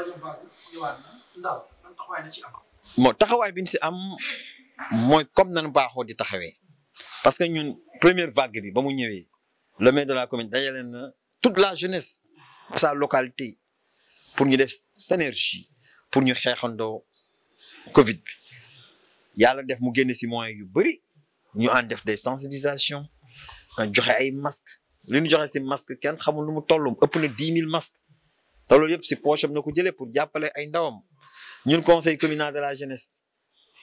troisième vague ñëwaat na taxawaay na si am mooy comme nan baaxoo di taxawee parce que ñun première vague bi ba mu ñëwee le mais de la commune dajale na toute la jeunesse sa localité pour ñu def synergie pour ñu xeexandoo Covid bi yàlla def mu génne si moyens yu bëri ñu ànd def des sensibilisations joxe ay masques li ñu joxe si masque kenn xamul lu mu tollum ëpp na dix mille masques. te loolu yëpp si poche am na ko jëlee pour jàppale ay ndawam ñun conseil communal de la jeunesse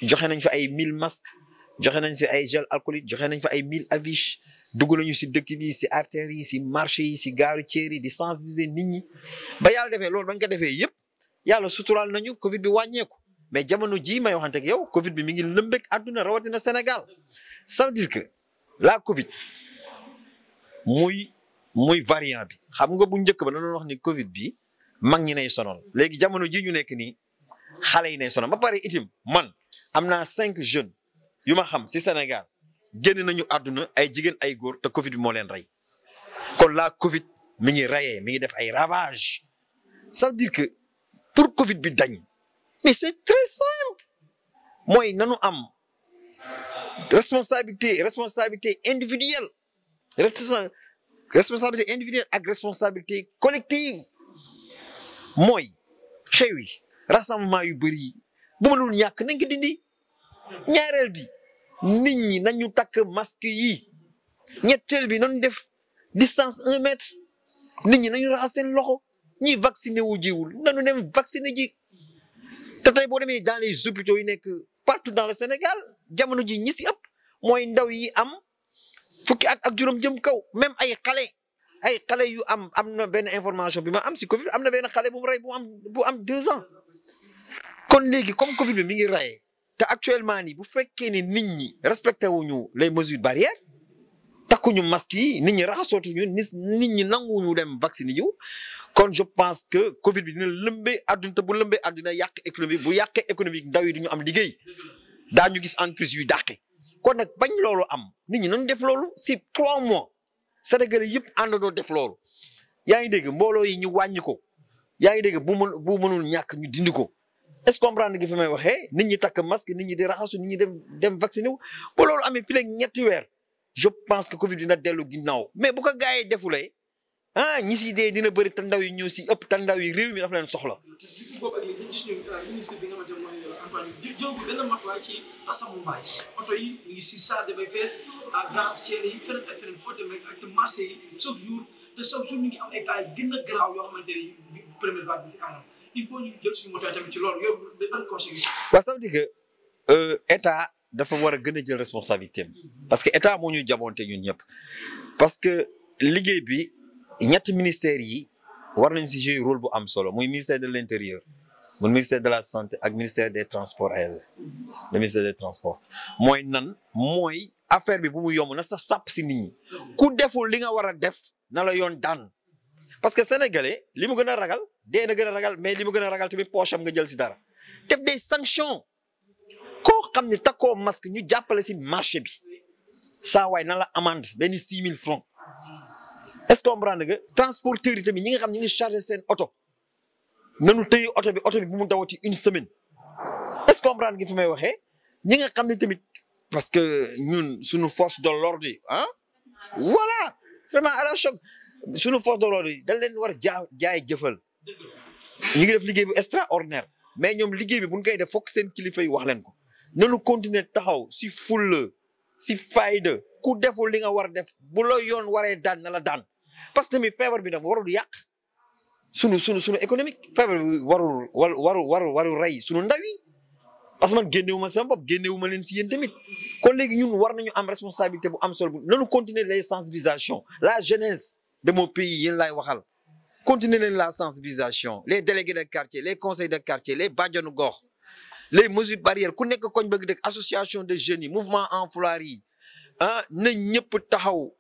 joxe nañ fa ay 1000 masques joxe nañ fi ay gel alcoolique joxe nañ fa ay 1000 aviches dugg nañu si dëkk bi si artères yi si marché yi si gaaru ceer yi di sensibiliser nit ñi ba yàlla defee loolu ba nga ko defee yëpp yàlla suturaal nañu Covid bi wàññeeku mais jamono jii may waxante ak yow Covid bi mi ngi lëmbeeg àdduna rawatina Sénégal ça veut dire que la Covid muy muy variant bi xam nga bu njëkk ba dañu wax ni Covid mag ñi nay sonal léegi jamono ji ñu nekk nii xale yi nay sonal ba pare itim man am naa cinq jeunes yu ma xam si Sénégal génn nañu àdduna ay jigéen ay góor te Covid bi moo leen rey kon la Covid mi ngi reyee mi ngi def ay ravages ça veut dire que pour Covid bi dañ mais c'est très simple mooy nanu am responsabilité responsabilité individuelle responsabilité individuelle ak responsabilité collective. mooy xew yi rassemblement yu bëri yi bu mënul ñàkk nañ ko dindi ñaareel bi nit ñi nañu takk masque yi ñetteel bi nañu def distance un mètre nit ñi nañu raxas seen loxo ñi vacciné wu jiwul nañu dem vacciné ji te tey boo demee dans les hôpitaux yi nekk partout dans le Sénégal jamono ji ñi si ëpp mooy ndaw yi am fukki at ak juróom jëm kaw même ay xale ay xale yu am am na benn information bi ma am si Covid am na benn xale bu mu rey bu am bu am deux ans kon léegi comme Covid bi mi ngi rey te actuellement nii bu fekkee ni nit ñi wu ñu les mesures barrières takkuñu masque yi nit ñi raxasootuñu nit ñi nanguwuñu dem vaccine yi kon je pense que Covid bi dina lëmbee àdduna te bu lëmbee àdduna yàq économie bu yàqee économique ndaw yi duñu am liggéey daa daañu gis entreprise yu dàqe kon nag bañ loolu am nit ñi nañu def loolu si trois mois. Sénégalais yëpp àndandoo def loolu yaa ngi dégg mbooloo yi ñu wàññi ko yaa ngi dégg bu mën bu mënul ñàkk ñu dindi ko est-ce que comprendre nga fi may waxee nit ñi takk masque nit ñi di raxasu nit ñi dem dem vacciné wu ba loolu amee fii léegi ñetti weer je pense que Covid dina dellu ginnaaw mais bu ko gars yi defulee ah ñi si dee dina bëri te ndaw yi ñëw si ëpp te ndaw yi réew mi dafa leen soxla. grandes chaînes yi feneen ak que état dafa war a gën a jël responsabilité am parce que état moo ñu jamonte ñun ñëpp parce que liggéey bi ñetti ministères yi war nañ si jouer rôle bu am solo muy ministère de l' intérieur. mu ministère de la santé ak ministère des transports aériens le ministère des transports mooy nan mooy affaire bi bu mu yomb na sa sàpp si nit ñi ku deful li nga war a def na la yoon daan parce que sénégalais li mu gën a ragal dee na gën a ragal mais li mu gën a ragal tamit poche am nga jël si dara def des sanctions koo xam ne takkoo masque ñu jàppale si marché bi saa waay na la amende benn six mille francs est-ce que comprendre nga transporteur tamit ñi nga xam ñi ngi chargé seen oto nanu tëye oto bi oto bi bu mu dawati une semaine est-ce que comprendre nga fi may waxee ñi nga xam ne tamit parce que ñun suñu force de l'ordre yi ah voilà vraiment la choc suñu force de l'ordre yi dañ leen war a jaa jaay jëfal ñu ngi def liggéey bu extraordinaire mais ñoom liggéey bi buñ koy def fokk seen kilifa yi wax leen ko nanu continuer taxaw si fulla si fayda ku deful li nga war a def bu la yoon waree daan na la daan parce que tamit feebar bi dafa warul yàq sunu sunu sunu économique feebar bi warul warul warul warul rey sunu ndaw parce que man génnewu ma sama bopp génnewu leen si yéen tamit kon léegi ñun war nañu am responsabilité bu am solo bu nanu continuer les sensibilisations la jeunesse de mon pays yéen laay waxal continuer leen la sensibilisation les délégués de quartier les conseil de quartier les bajanu gox les mesures barrières ku nekk koñ bëgg dëkk association de jeunes yi mouvement emploi yi ah na ñëpp taxaw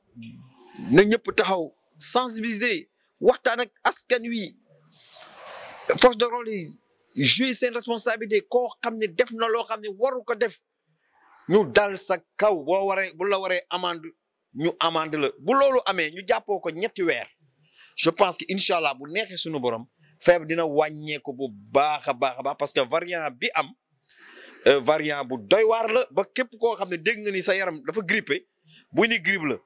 na ñëpp taxaw sensibiliser waxtaan ak askan wi force de rôle yi jouer seen responsabilité koo xam ne def na loo xam ne waru ko def ñu dal sa kaw boo waree bu la waree amende ñu amende la bu loolu amee ñu jàppoo ko ñetti weer je pense que incha allah bu neexee suñu borom feeb dina wàññeeku bu baax a baax baax parce que variant bi am euh, variant bu doy waar la ba képp koo xam ne dégg nga ni sa yaram dafa grippé bu ni grippe la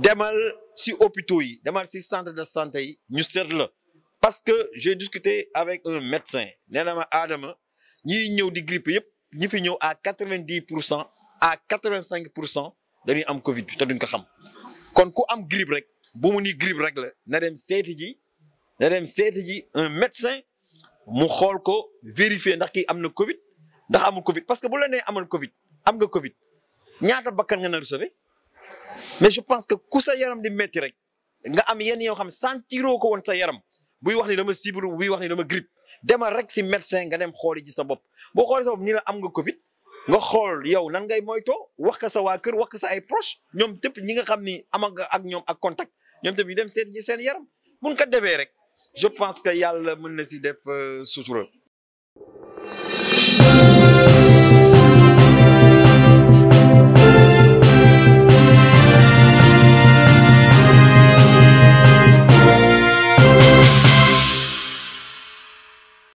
demal si hôpitaux yi demal si centre de santé yi ñu seet la parce que j'ai discuté avec un médecin nee na ma Adama ñiy ñëw di grippe yëpp ñi fi ñëw à quatre-vingt-dix pour cent à quatre-vingt-cinq pour cent dañuy am Covid bi te duñ ko xam kon ku am grippe rek bu mu ni grippe rek la na dem seeti ji na dem ji un médecin mu xool ko vérifier ndax kii am na Covid ndax amul Covid parce que bu la nee amal Covid am nga Covid ñaata bakkan nga na sauver mais je pense que ku sa yaram di métti rek nga am yenn yoo xam sentiroo ko woon sa yaram. buy wax ni dama sibiru buy wax ni dama grippe demal rek si médecin nga dem xooli ci sa bopp boo xooli sa ñu ne am nga Covid nga xool yow nan ngay moytoo wax ka sa waa kër wax ka sa ay proche ñoom tëpp ñi nga xam ni am nga ak ñoom ak contact ñoom tëpp ñu dem seeti ci seen yaram mun ko defee rek je pense que yàlla mën na si def euh, sutura